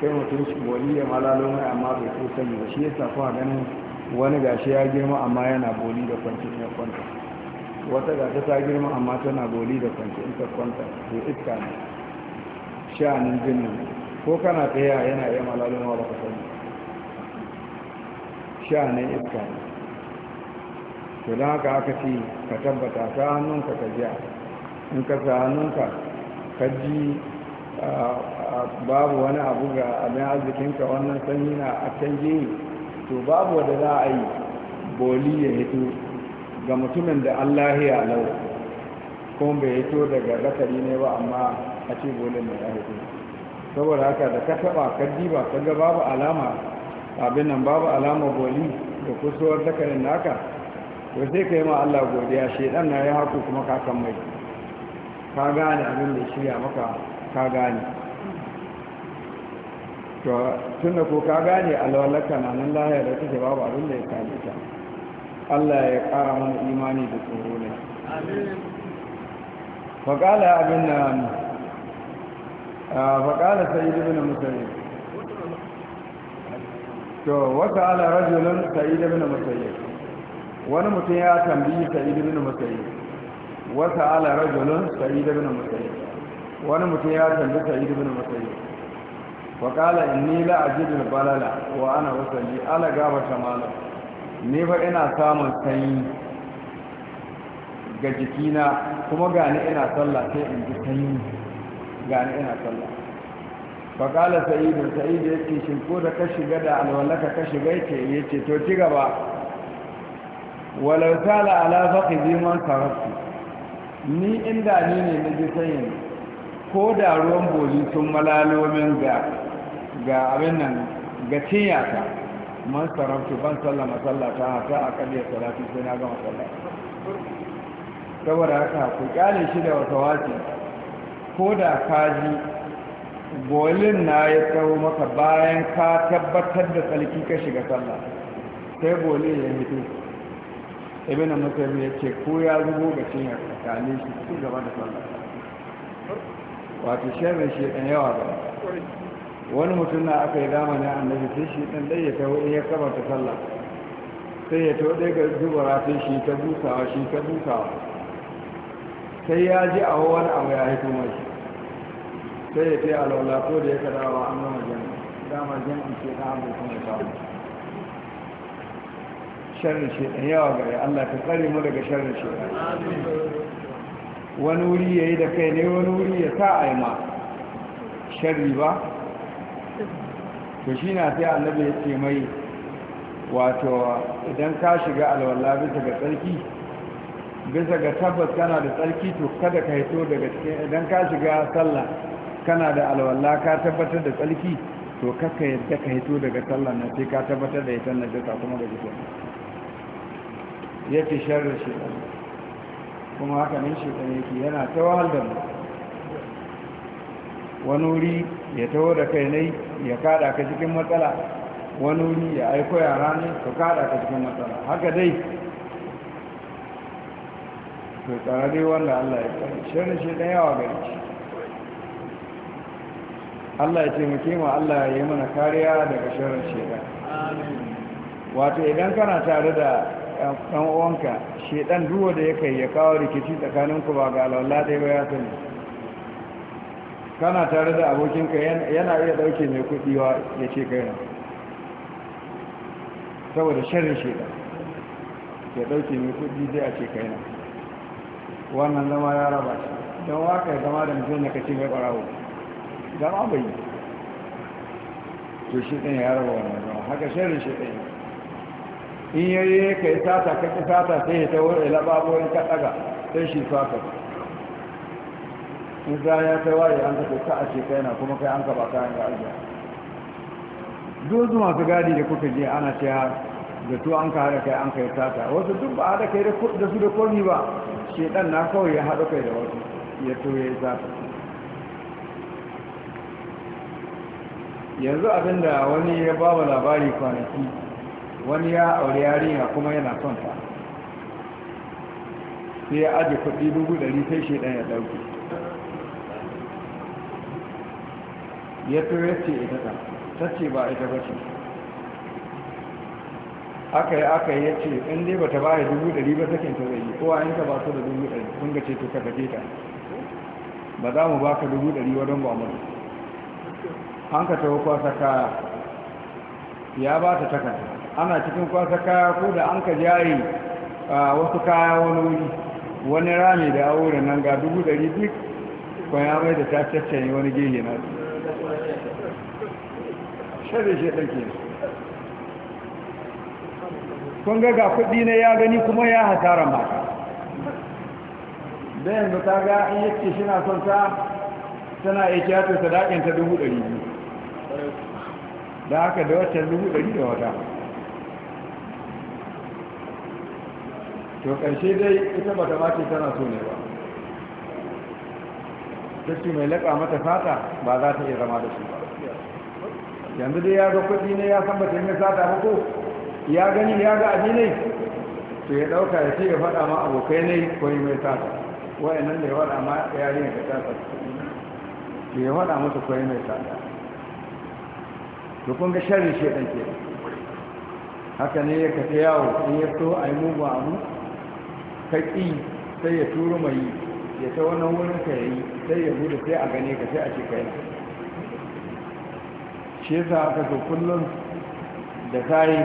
kai mutum shi boli ya malalo mai amma bai ko sanyi ba shi ya safa ganin wani gashi ya girma amma yana boli da kwanci ya kwanta wata ga ta ta girma amma tana goli da kwanci in ta kwanta da iska ne sha'anin jinnu ko kana tsaya yana iya wa ba ka sani sha'anin iska ne to don haka aka ce ka tabbata ta hannunka ka jiya in ka sa hannunka ka ji babu wani abu ga abin arzikinka wannan sanyi na a can to babu wadda za a yi boli ya hito ga mutumin da Allah ya lau kuma bai hito daga zakari ne ba amma a ce bolin da ya hito saboda haka da ka taba ka diba ka ga babu alama abin nan babu alama boli da kusurwar zakarin naka to sai ka yi ma Allah godiya shedan na ya haku kuma ka san mai ka gane abin da shirya maka ka gane to tunda ko ka gane alwalaka na nan lahiyar da take babu abin da ya kame ta Allah ya ƙara mana imani da tsoro ne faƙala abin na faƙala sa'idu bin musayyib to wata ala rajulun sa'idu bin musayyib wani mutum ya tambayi sa'idu bin musayyib wata ala rajulun sa'idu bin musayyib wani mutum ya tambayi sa'idu bin musayyib faƙala a jirgin balala wa ana wasanni ala ta malar. ne fa ina samun sanyi ga jikina kuma gani ina sallah sai in ji sanyi gani ina sallah faƙala sa'idu sa'idu ya ce shinko da ka shiga da alwallaka ka shiga yake ya ce to ci gaba walau tala ala faƙi man sarrafi ni inda ni ne na ji sanyin ko da ruwan boli sun malalomin ga abin nan ga cinyata man sarrafta ban sallah masallata hata a kalli ya salati sai na gama sallah saboda haka ku kyale shi da wata wace ko da kaji? bolin na ya tsawo maka bayan ka tabbatar da sarki ka shiga sallah sai boli ya mutu. ibn musayyib ya ce ko ya zubo ga cin ya kyale shi ci gaba da sallah wato sharri shi dan yawa ba wani mutum na aka yi dama zamanin annabi sai shi ɗan ɗaya ta in ya kaba ta sallah sai ya to ɗaya ga zuba rafin shi ta busawa shi ta busawa sai ya ji a wani abu ya haifo mai sai ya taya alwala ko da ya kada wa an gama jami'a dama jami'a ce ta abu kuma ya samu sharrin shi ɗan yawa gare allah ka tsare mu daga sharrin shi wani wuri ya yi da kai ne wani wuri ya sa a yi ma sharri ba to shi na sai annabi ya ce mai wato idan ka shiga alwala bisa ga tsarki bisa ga tabbas kana da tsarki to kada ka hito daga cikin idan ka shiga sallah kana da alwala ka tabbatar da tsarki to kaka yadda ka hito daga sallah na sai ka tabbatar da ita na jasa kuma ga jikin ya ce sharar shekaru kuma haka nan shekaru yake yana ta wahal da mu wani wuri ya taho da kai ne ya kada ka cikin matsala wani wuri ya aiko yara ne ka kada ka cikin matsala haka dai to dai wanda Allah ya tsari shirin shi ɗan yawa gari Allah ya taimake ma Allah ya yi mana kariya daga shirin shedan wato idan kana tare da ɗan uwanka shedan duwa da ya kai ya kawo rikici tsakaninku ba ga alwala ɗaya ba ya sani kana tare da abokinka yana iya dauke mai kudi wa ya ce kai na? saboda sharrin shida ya dauke mai kudi zai a ce kai na. wannan zama ya raba shi don waka ya zama da mutum da kace mai barawo zama bai to shi ɗin ya raba wannan zama haka sharrin shi ɗin in yayi ka yi sata ka ƙi sata sai ya ta ila babuwan ka ɗaga sai shi sata in ya kai waye an ka ta a kai na kuma kai an ka ba kayan ga ajiya duk masu gadi da kuka je ana cewa da to an ka hada kai an kai tata wasu duk ba hada kai da su da komi ba shedan na kawai ya hada kai da wasu ya to ya yi yanzu abinda wani ya ba labari kwanaki wani ya aure yarinya kuma yana son ta sai ya aje kuɗi dubu ɗari sai shedan ya ɗauke ya fi ce ita ta ta ce ba ita ba ce aka yi aka yi ya ce in dai ba ta ba ya dubu ɗari ba sakin ta zai yi kowa yanka ba su da dubu ɗari sun ga ce to ka kake ta ba za mu baka dubu ɗari wadon ba mu an ka tawo kwasa kaya ya ba ta takarda ana cikin kwasa kaya ko da an ka a wasu kaya wani wuri wani rami da aure nan ga dubu ɗari duk kwan mai da ta caccanye wani gehe su sharri shi kun ga ga kuɗi ne ya gani kuma ya hatara mata da yanzu ta ga in yake shi na son ta tana iya kyato sadakin ta dubu ɗari biyu da haka da watan dubu ɗari da wata to ƙarshe dai ita ba ta mace tana so ne ba ta ce mai laƙa mata fata ba za ta iya zama da su ba yanzu dai ya ga kuɗi ne ya san bata yi sata ba ko ya gani ya ga abi ne to ya ɗauka ya ce ya faɗa ma abokai ne ko yi mai sata nan da ya faɗa ma yarin ka sata to ya faɗa musu ko yi mai sata to kun ga sharri dan ke haka ne ya kace yawo in ya so a yi mugun abu ka ƙi sai ya turu mai ya ta wani wurin ka yi sai ya gudu sai a gane ka sai a ci kai shi yasa aka so kullum da sayi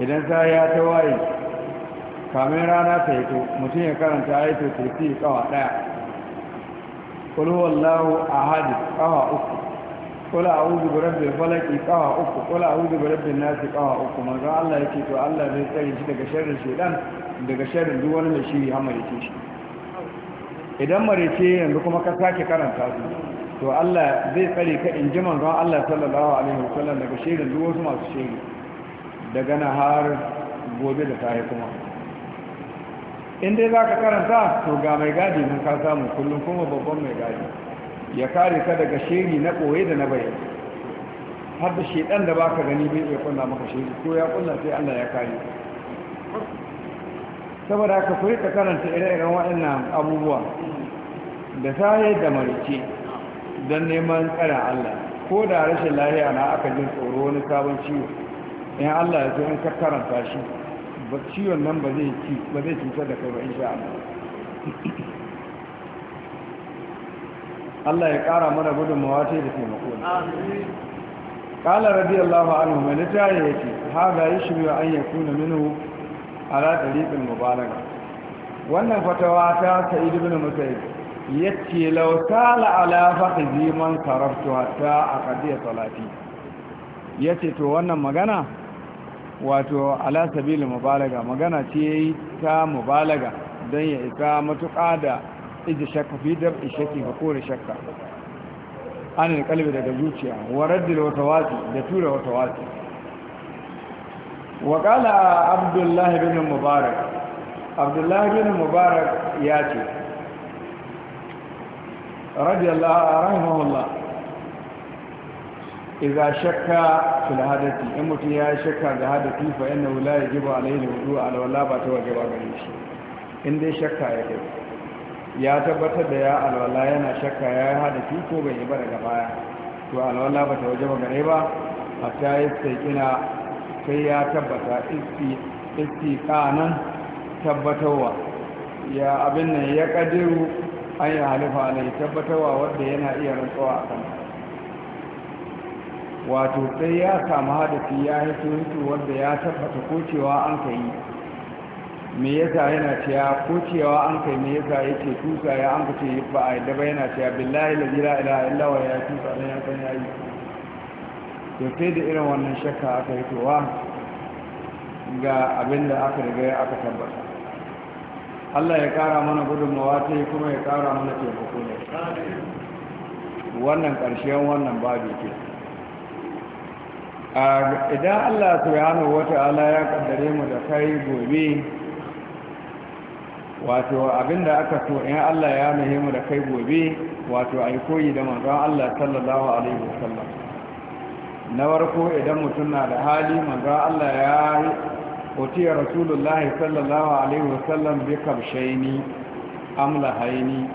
idan sayi ya ta waye kamin rana ta yi to mutum ya karanta ayatul kursi kawa daya qul a ahad kawa uku qul a'udhu birabbil falaki kawa uku qul a'udhu birabbin nasi kawa uku manzo Allah yake to Allah zai tsare shi daga sharrin shedan daga sharrin duk wani mai shiri har marece shi idan marece yanzu kuma ka sake karanta su to Allah zai tsare ka in ji manzon Allah sallallahu alaihi wasallam daga shirin duk wasu masu shiri daga na har gobe da tare kuma in dai za ka karanta to ga mai gadi mun ka samu kullum kuma babban mai gadi ya kare ka daga shiri na koyi da na bayyana har da shedan da baka gani bai iya kunna maka shiri ko ya kunna sai Allah ya kare saboda ka koyi ka karanta ire-iren waɗannan abubuwa da saye da marice don neman tsarin Allah ko da rashin lahiya na aka jin tsoro wani sabon ciwo in Allah ya zo in ka ciwon nan ba zai cutar da kai ba sha Allah Allah ya kara mana gudun ce da taimako ya رضي ha ga yi shirya an yi kuna minu a على طريق المبالغة wannan fatawa ta sa'idu bin musayi yace lauta ala fakhzi man karaftu hatta aqdiya salati yace to wannan magana wato ala sabili mubalaga magana ce ta mubalaga don ya isa matuƙa da iji shakka fi dab ishaki ga kore shakka an kalbi daga zuciya wa wata watawasi da tura wata wa qala abdullahi bin mubarak abdullahi bin mubarak ya ce radiyallahu rahimahullah idza shakka fil hadathi in mutum ya shakka ga hadathi fa innahu la yajibu alayhi wudu ala wala ba ta wajaba gare shi in shakka ya kai ya tabbatar da ya alwala yana shakka ya yi hadathi ko bai yi ba daga baya to alwala ba ta wajaba ba hatta ya kina sai ya tabbata istiqanan tabbatarwa ya abin nan ya kadiru an yi halifa alai tabbatarwa wadda yana iya rantsuwa a kan wato sai ya samu hadafi ya hito hito wadda ya tabbata ko cewa an ka yi me yasa yana cewa ko cewa an kai me yasa ya ce tusa ya an kace ba a yadda ba yana cewa billahi la ilaha illa allah wa ya tusa dan ya san yayi to sai da irin wannan shakka aka yi towa ga abin da aka riga aka tabbata Allah ya kara mana gudunmawa ta yi kuma ya kara mana taimako ne wannan ƙarshen wannan babu ke idan Allah subhanahu wata'ala ya kaddare mu da kai gobe wato abinda aka so in Allah ya nahe mu da kai gobe wato ai koyi da manzon Allah sallallahu alaihi wasallam na farko idan mutum na da hali manzon Allah ya utiya rasulullahi sallallahu alaihi wasallam bi kabshaini amlahaini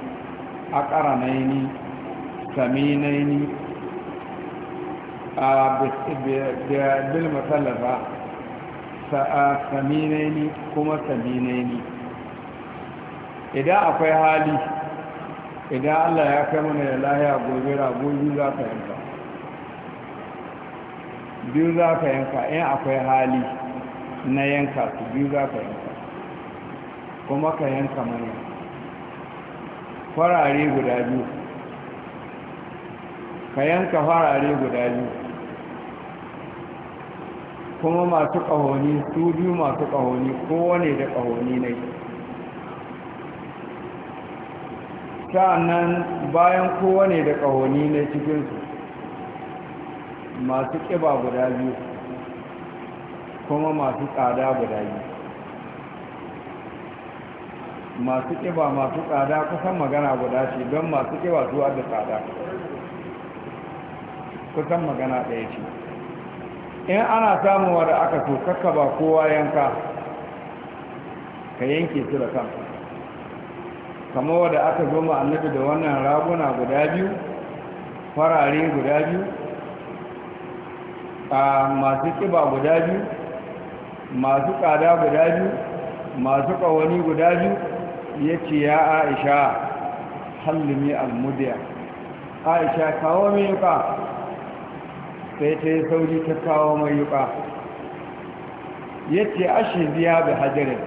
aqranaini saminaini bil musallaba saminaini kuma saminaini idan akwai hali idan Allah ya kai mana da gobe rago biyu za ka yanka biyu za ka yanka in akwai hali na yanka su biyu za ka yanka kuma ka yanka mani farare guda biyu ka yanka farare guda biyu kuma masu ƙahoni su biyu masu ƙahoni kowane da ƙahoni na yi sa'annan bayan kowane da ƙahoni na cikinsu masu ƙiba guda biyu kuma masu tsada guda biyu masu ƙiba masu tsada kusan magana guda ce don masu ƙiba zuwa da tsada kusan magana ɗaya ce in ana samuwa da aka so kakka ba kowa yanka ka yanke su da kanka kama wadda aka zo annabi da wannan raguna guda biyu farare guda biyu a masu ƙiba guda biyu masu kada guda biyu masu kawani guda biyu ya ce ya aisha hallumi almudiya aisha kawo mai yuka sai ta yi sauri ta kawo mai yuka ya ce ashe biya da hajjarin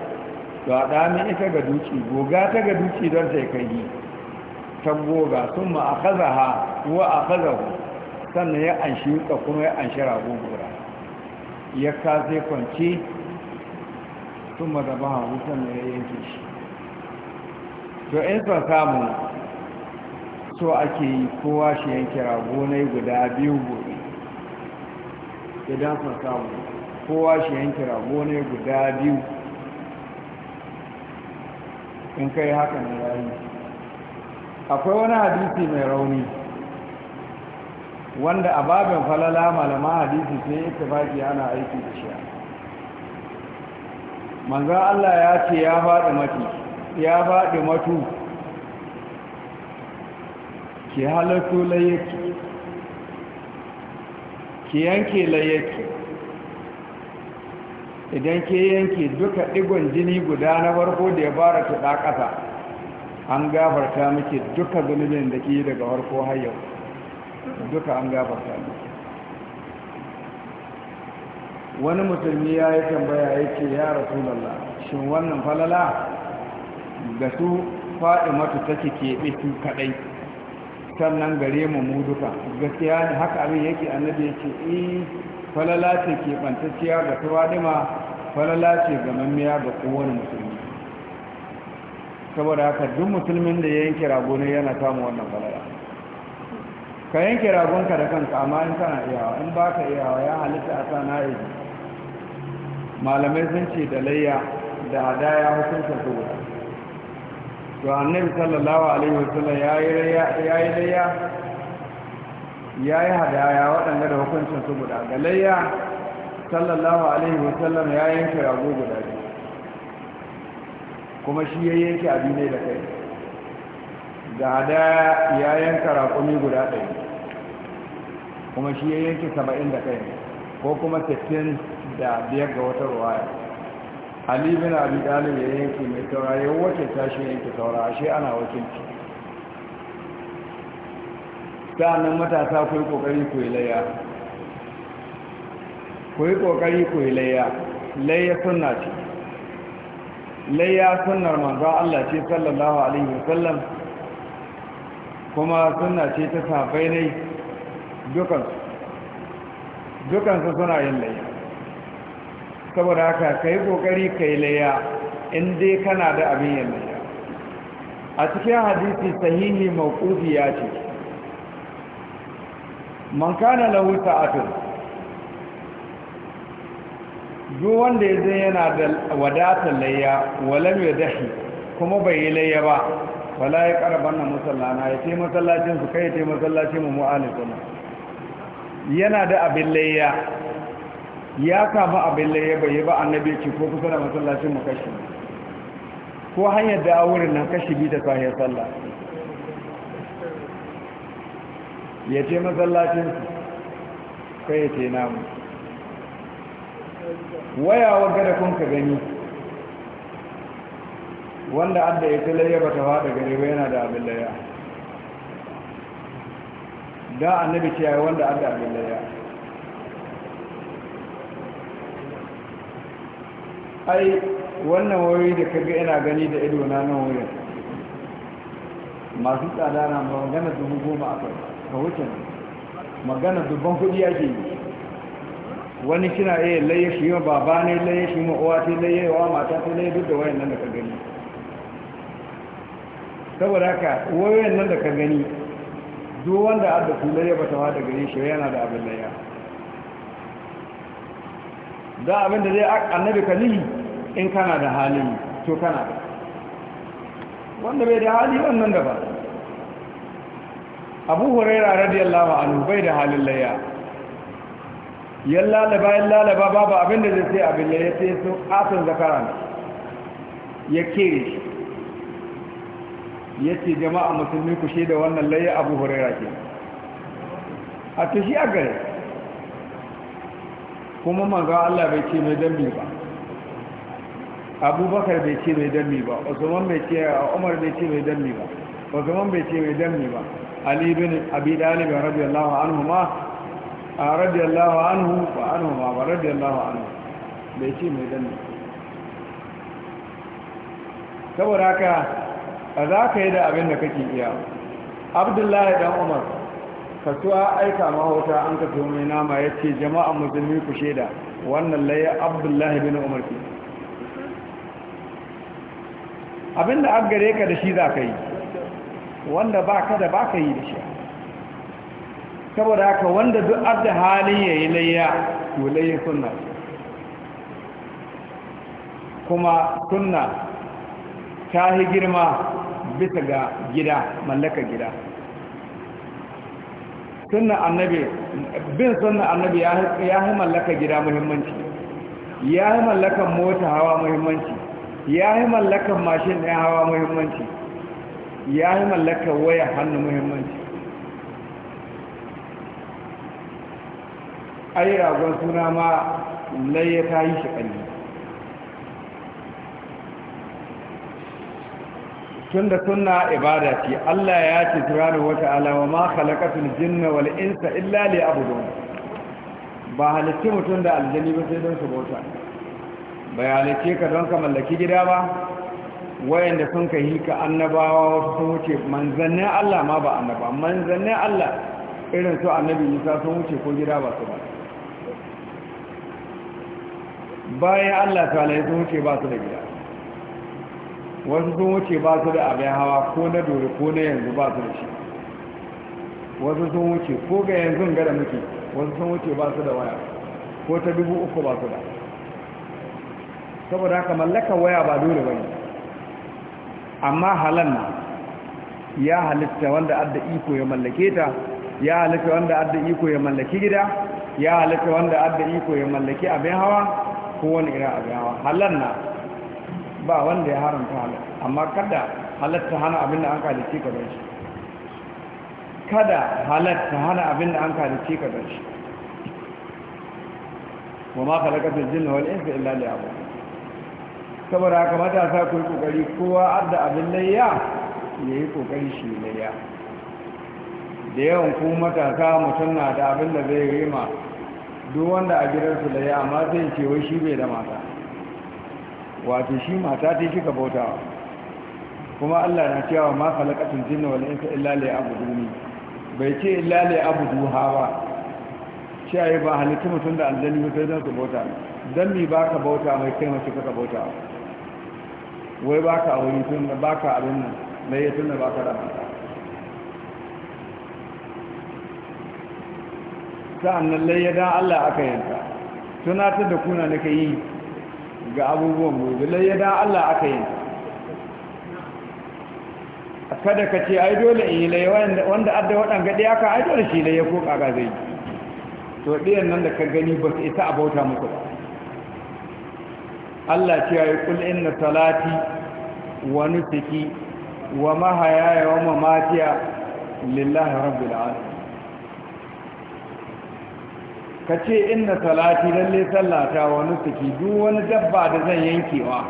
to a ɗamin ita ga duki goga ta ga duki don ta kai ta goga sun ma a kaza ha wa a kaza sannan ya anshi kuma ya anshi rago gora ya kasa kwanci sun da ba a wutan da ya yanke shi to in son samu so ake yi kowa shi yanke ragonai guda biyu gobe idan son samu kowa shi yanke ragonai guda biyu in kai haka na yayi akwai wani hadisi mai rauni wanda a babin falala malaman hadisi sai ya tafaki ana aiki da shi manzan Allah ya ce ya faɗi matu ya faɗi matu ki halatto layyaki ki yanke layyaki idan ke yanke duka digon jini guda na farko da ya bara ta ɗakata an gafarta muke duka zunubin da ke daga farko har yau duka an gafarta muke wani musulmi ya yi tambaya ya ce ya rasulallah shin wannan falala ga su faɗi fadimatu take keɓe su kaɗai sannan gare mu mu duka gaskiya ne haka abin yake annabi ya ce e falala ce keɓantacciya ga su ma, falala ce ga mammiya ga kowane musulmi saboda haka duk musulmin da ya yanke rago ne yana samun wannan falala ka yanke ragonka da kanka amma in kana iyawa in ba ka iyawa ya halitta a sa na'izi malamai sun ce da layya da hadaya hukuncin su guda to annabi sallallahu alaihi wasallam ya yi layya ya yi hadaya waɗanda da hukuncin su guda da layya sallallahu alaihi wasallam ya yanke rago guda biyu kuma shi ya yanke abin ne da kai da hadaya ya karakumi raƙumi guda ɗaya kuma shi ya yanke saba'in da kai ko kuma sittin da biyar ga wata ruwaya ali bin abi dalib ya yanke mai taurari, ya wace tashi yanke taura ashe ana wakilci sa'annan matasa ku yi kokari ku yi layya ku yi kokari ku yi laya layya sunna ce laya sunnar manzan Allah ce sallallahu alaihi wasallam kuma sunna ce ta safai ne dukansu dukansu suna yin laya saboda haka ka yi ƙoƙari ka yi laya in dai kana da abin yin laya a cikin hadisi sahihi mawqufi ya ce man kana lahu sa'atun duk wanda ya zai yana da wadatar laya walam ya dahi kuma bai yi laya ba wala ya karban na musallana ya ce masallacin su kai ya ce masallacin mu mu'alin yana da abin layya. ya kama abin laye bai ba annabi ce ko kusa da masallacin mu kashi ko hanyar da wurin nan kashi bi da sahiyar sallah ya ce masallacin su kai ya ce namu wayawa gada kun ka gani wanda adda ya tilaye ba ta faɗa gari ba yana da abin laya da annabi ce wanda adda abin laya ai wannan wayoyi da kaga ina gani da ido na nan wurin masu tsada na magana dubu goma a kai ka wuce magana dubban kuɗi ake yi wani kina iya laye shi ma baba ne laye shi ma uwa ce laye wa mata ta laye duk da wayan nan da ka gani saboda haka wayan nan da ka gani duk wanda a su laye ba ta wa da gare shi yana da abin laya da abin da zai annabi ka nihi in kana da halin to kana da wanda bai da hali wannan da ba abu huraira radiyallahu anhu bai da halin layya yan lalaba yan lalaba babu abin da zai sai abin layya sai sun asin zakara ne ya kere shi ya ce jama'a musulmi ku shaida wannan layya abu huraira ke a tashi a gare kuma manzo Allah bai ce mai dambi ba abubakar bai ce mai dambi ba usman bai ce umar bai ce mai dambi ba usman bai ce mai dambi ba ali bin abi dalib radiyallahu anhu ma radiyallahu anhu wa anhu ma radiyallahu anhu bai ce mai dambi saboda haka za ka yi da abin da kake iya abdullahi dan umar fatuwa aika mahauta an ka mai nama ya ce jama'a musulmi ku shaida wannan laye abdullahi bin umar ke abinda an gare ka da shi za ka yi wanda ba ka da ba ka yi da shi saboda haka wanda duk abda halin ya yi layya ku laye suna kuma suna ta yi girma bisa ga gida mallaka gida sunna annabi bin sunna annabi ya yi mallaka gida muhimmanci ya yi mota hawa muhimmanci ya yi mashin ɗin hawa muhimmanci ya yi waya hannu muhimmanci ai ragon suna ma laye ta yi shi ƙalli tun da sunna ibada ce Allah ya ce subhanahu wata alama ma khalaqatul jinna wal insa illa liya'budun ba halitta mutum da aljani ba sai don su bauta ba halitta ka don ka mallaki gida ba wayanda sun ka yi ka annabawa wasu sun wuce manzannin Allah ma ba annaba manzannin Allah irin su annabi nisa sun wuce ko gida ba su ba bayan Allah ta salai sun wuce ba su da gida wasu sun wuce ba su da abin hawa ko na dole ko na yanzu ba su da shi wasu sun wuce ko ga yanzu gada muke wasu sun wuce ba su da waya ko ta dubu uku ba su da saboda haka mallaka waya ba dole ba ne amma halan na ya halitta wanda adda iko ya mallake ta ya halitta wanda adda iko ya mallaki gida ya halitta wanda adda iko ya mallaki abin hawa ko wani irin abin hawa halan na ba wanda ya haramta halal amma kada halatta hana abin da an kalice ka don shi kada halatta hana abin da an kalice ka don shi wa ma jin na wani insa illa li abu saboda haka matasa ku yi kokari kowa adda abin layya ya yi kokari shi layya da yawan ku matasa mutum na da abin da zai rima duk wanda a gidansu layya amma zai ce wai shi bai da mata wato shi mata ta kika bautawa kuma Allah na cewa ma khalaqatul jinna wal insa illa duni. bai ce illa duha ba cewa ba halittu mutum da aljani ba sai don su bauta dan mi baka bauta mai kai mace kaka bauta wai baka wuri tun da baka abin nan mai ya tun da baka da mata sa'annan lai ya dan Allah aka yanka tunatar da kuna nake yi ga abubuwan mujallai ya da Allah aka yi kada ka ce ai dole in yi laye wanda adda waɗanga ɗaya ka ai dole shi laye ko ƙaga zai to ɗiyan nan da ka gani ba su isa a bauta muku ba Allah ce ya yi kul inna salati wa nusuki wa mahayaya wa mamatiya lillahi rabbil alamin ka ce inna salati lalle sallata wani nusuki duk wani dabba da zan yankewa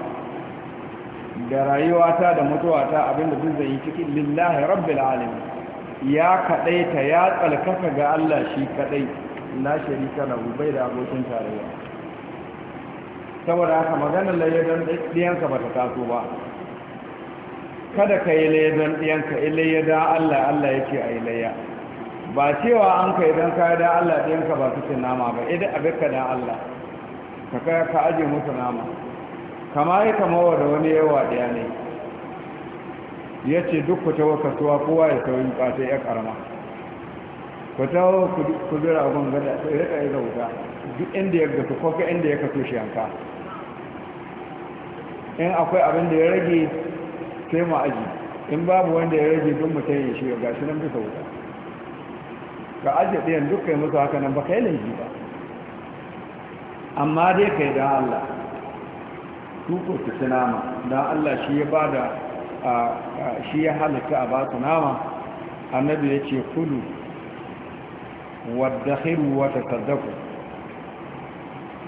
da rayuwata da mutuwata abinda duk zan yi ciki, lillahi rabbil alamin ya kadai ta ya tsalkaka ga Allah shi kadai la sharika lahu bai da abokin tarayya saboda haka maganar don ɗiyanka ba ta taso ba kada ka yi layyadan ɗiyanka da Allah Allah yake a ilayya ba cewa an ka idan ka da Allah ɗayan ka ba su ce nama ba idan eh, abin ka da Allah ka kai ka aje musu nama kama yi kama wa da wani yawa ɗaya ne ya ce duk ku tawo kasuwa kowa ya sauyi ɓata ya ƙarama ku tawo ku zira abin gada sai rika yi wuta duk inda ya gasu ko ka inda ya kaso shi yanka in akwai abin da ya rage sai mu aji in babu wanda ya rage duk mutum ya shi ga shi nan bisa wuta ka ajiye ɗayan duk kai musu haka nan ba kai laifi ba amma dai kai don Allah tuko ta nama don Allah shi ya ba da shi ya halitta a ba su nama annabi ya ce kudu wadda hiru wata saddaku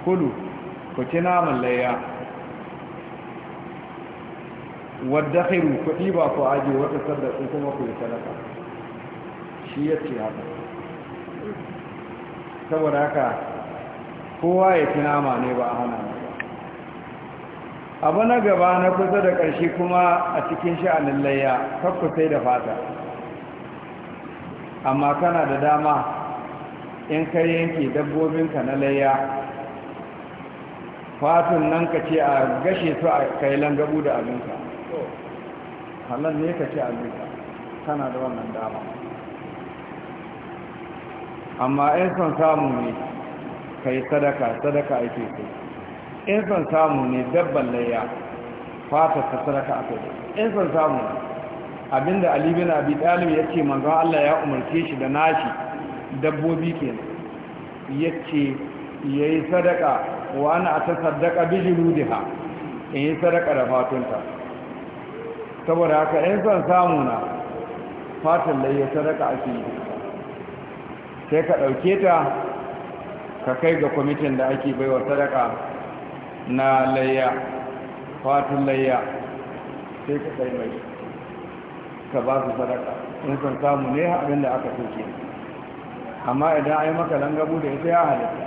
kudu ku ci naman layya wadda hiru kuɗi ba ku ajiye wata saddaku kuma ku yi sadaka shi ya ce haka saboda haka kowa ya ci nama ne ba a hana abu na gaba na kusa da ƙarshe kuma a cikin sha'anin layya kakku sai da fata amma kana da dama in ka yanke dabbobinka na layya fatun nan ka ce a gashe su a kai langabu da abinka halar ne ka ce abinka kana da wannan dama amma yan son samu ne ka yi sadaka sadaka ake kai yan son samu ne dabban laya fata ta sadaka a kai in son samu abinda ali bin abi talib ya ce manzan Allah ya umarce shi da nashi dabbobi kenan ya yayi sadaka wa ana atasaddaqa bi ha in yi sadaka da fatunta saboda haka yan son samu na fatan layya sadaka ake yi sai ka ɗauke ta ka kai ga kwamitin da ake baiwa sadaka na layya fatun layya sai ka kai mai ka ba su sadaka in san samu ne abin da aka soke amma idan a yi maka langabu da ita ya halitta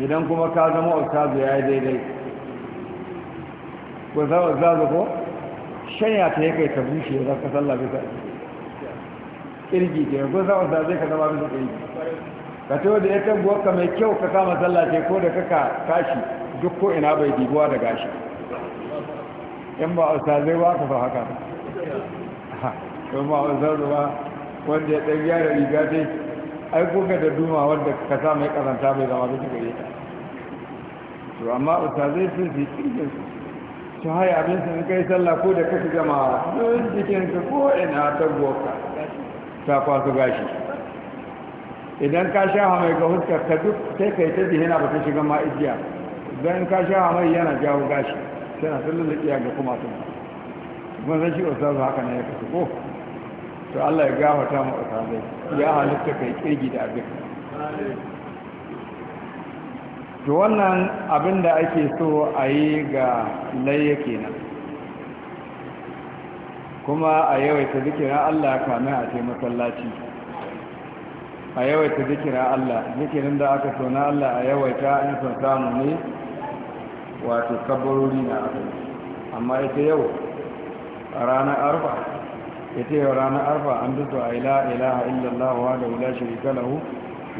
idan kuma ka zama ustazu ya yi daidai ko za ustazu ko shanya ta ya kai ta bushe za ka ta bisa kirgi ke ko za a zai ka zama bisa kirgi ka to da ita gwaka mai kyau ka kama sallah ce ko da kaka kashi duk ko ina bai dibuwa da gashi in ba a sa zai ba ka fa haka in ba a sa ba wanda ya ɗan yara riga dai ai kuka da duma wanda ka sa mai karanta bai zama bisa kirgi ta to amma ustazai sun fi kirgin su su haya abin sun kai sallah ko da kaka gama don jikinka ko ina ta gwaka ta kwaso gashi idan ka shafa mai ga huskar ka duk sai ka yi ta zihina ba ta shiga ma igiya don ka shafa mai yana jawo gashi yana tsallon da iya ga kuma sun kuma zan shi ustazu haka na ya kasu ko to Allah ya gafata mu ustazai ya halitta kai kirgi da abin to wannan abin da ake so a yi ga laye kenan kuma a yawaita zikirin Allah kamin a ce masallaci a yawaita zikirin Allah zikirin da aka so na Allah a yawaita in son samu ne wato kabarori na aka amma ita yau a ranar arfa ita yau ranar arfa an dutu a ila ilaha illallah wa da wula shirika lahu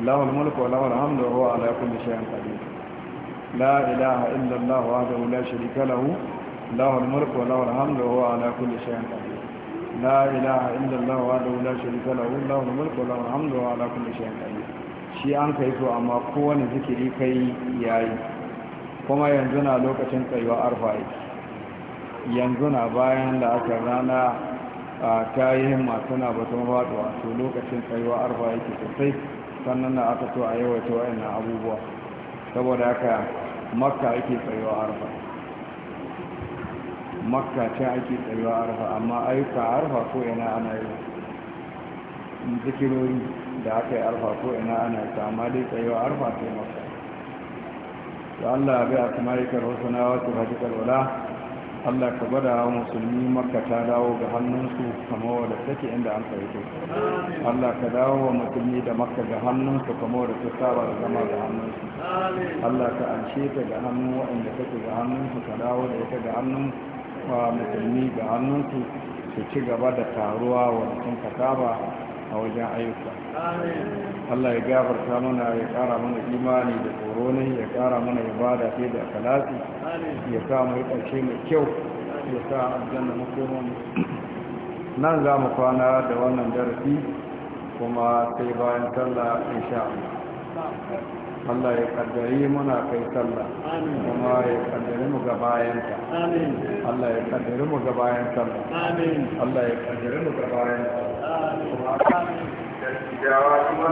lahul mulku wa lahul hamdu wa huwa ala kulli shay'in qadir لا إله إلا الله وحده لا شريك له له الملك وله الحمد وهو على كل شيء قدير لا إله إلا الله وحده لا شريك له له الملك وله الحمد كل شيء قدير shi an kai so amma kowane zikiri kai yayi kuma yanzu na lokacin tsayuwa arfa yanzu na bayan da aka rana ta yi himma suna batun faduwa to lokacin tsayuwa arfa yake sosai sannan na aka so a yawaita wa'annan abubuwa saboda haka makka ake tsayuwa arfa makka ta ake tsayuwa arfa amma ayyuka arfa ko ina ana yi zikirori da aka yi arfa ko ina ana yi amma dai tsayuwa arfa yi makka to allah bai a kuma yi karfafa na wata hajji kalwala allah ka gwada musulmi makka ta dawo ga hannunsu kama wadda take inda an karfe allah ka dawo wa musulmi da makka ga hannunsu kama wadda ta saba da zama ga hannunsu allah ka anshe ta ga hannu waɗanda take ga hannunsu ka dawo da ita ga hannunsu kafa musulmi ga hannunsu su ci gaba da taruwa wancan kasaba a wajen ayyuka Allah ya gafarta mana ya kara mana imani da tsoro ya kara mana ibada sai da kalasi ya sa mu ƙarshe mai kyau ya sa aljanna makomon nan za mu kwana da wannan darasi kuma sai bayan sallah insha Allah Allah ya kaddare muna kai sallah kuma ya kaddare mu ga bayan ta Allah ya kaddare mu ga bayan sallah Allah ya kaddare mu ga bayan sallah